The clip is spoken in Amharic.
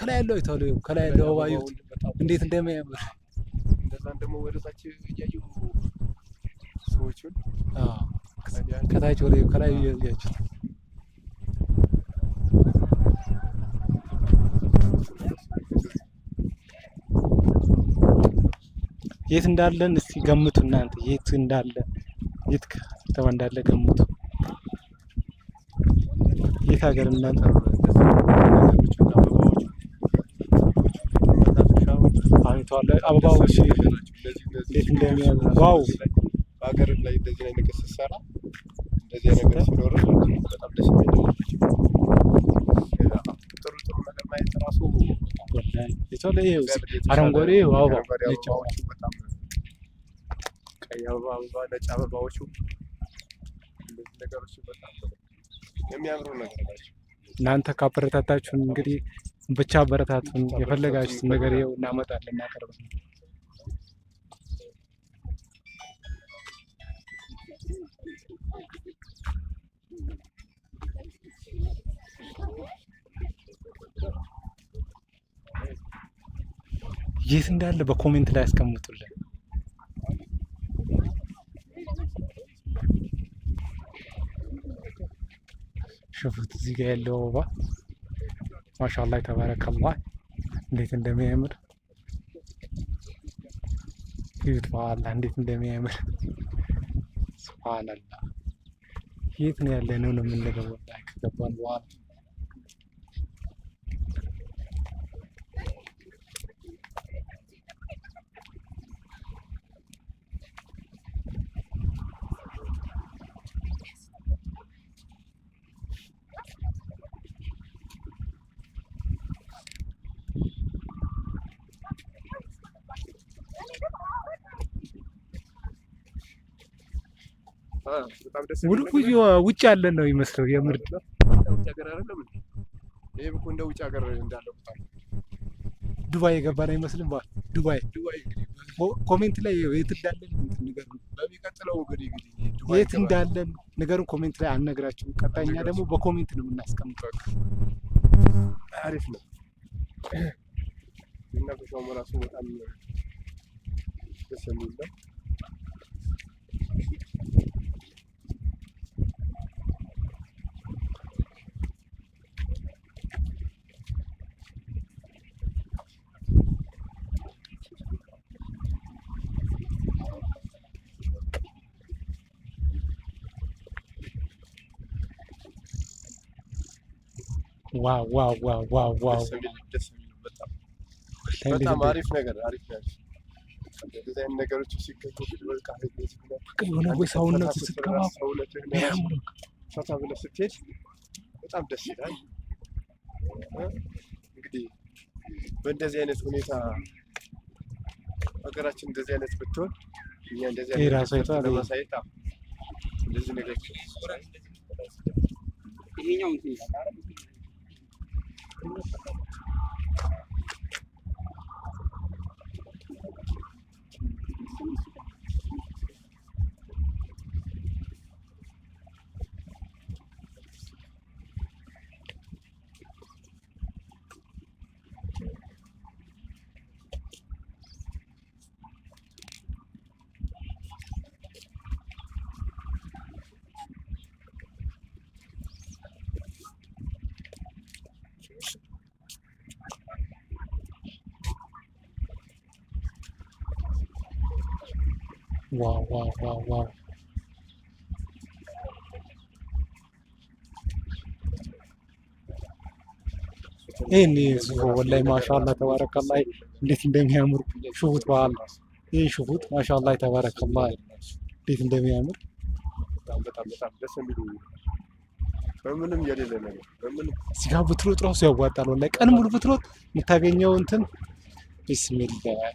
ከላይ ያለው ከላይ ያለው አበባ እዩት እንዴት እንደሚያምር ከታች ወደ ከላይ እያያችሁት የት እንዳለን እስቲ ገምቱ እናንተ፣ የት እንዳለ የት ከተማ እንዳለ ገምቱ። ከዚህ ሀገር የምናጠሩ ዋው! በሀገር ላይ እንደዚህ አይነት ነገር ስትሰራ እንደዚህ ነገር ሲኖር በጣም ደስ ጥሩ ጥሩ ነገር ማየት ራሱ አረንጓዴ አበባ በጣም ቀይ አበባ አበባ ነጭ አበባዎቹ እንደዚህ ነገሮች በጣም የሚያምሩ ነገር ናቸው። እናንተ ካበረታታችሁን እንግዲህ ብቻ አበረታቱን። የፈለጋችሁት ነገር ይኸው እናመጣለን፣ እናቀርባለን። የት እንዳለ በኮሜንት ላይ ያስቀምጡልን። ሽፉት እዚህ ጋር ያለው አበባ ማሻላ ተባረከላህ፣ እንዴት እንደሚያምር ይዩት። በአላ እንዴት እንደሚያምር ስብሓንላህ። የት ነው ያለ ነው ነው የምንለው ከገባን በኋላ ውልቁ ውጭ ያለን ነው ይመስለው። የምርድ እንደ ውጭ ሀገር እንዳለ ዱባይ የገባን አይመስልም። በል ዱባይ ኮሜንት ላይ የት እንዳለን በሚቀጥለው የት እንዳለን ነገሩን ኮሜንት ላይ አልነግራችሁም። ቀጣኛ ደግሞ በኮሜንት ነው የምናስቀምጠው። አሪፍ ነው። መናፈሻውም እራሱ በጣም ደስ የሚል ነው። ዋው ዋው በጣም አሪፍ ነገር አሪፍ ነገር በጣም ደስ ይላል። እንግዲህ በእንደዚህ አይነት ሁኔታ ሀገራችን እንደዚህ አይነት ብትሆን እኛ እንደዚህ አይነት ለማሳየት እንደዚህ ነገር ይሄኛው Thank you. Wow, wow, wow, wow. ይህን ወላይ ማሻላ ተባረከላ እንዴት እንደሚያምር ሽሁት በዓል ይህ ማሻላ ተባረከላ እንዴት እንደሚያምር በጣም በጣም ደስ በምንም የሌለ ነገር በምንም ብትሮጥ ራሱ ያዋጣል። ወላይ ቀን ሙሉ ብትሮጥ የምታገኘው እንትን ቢስሚላህ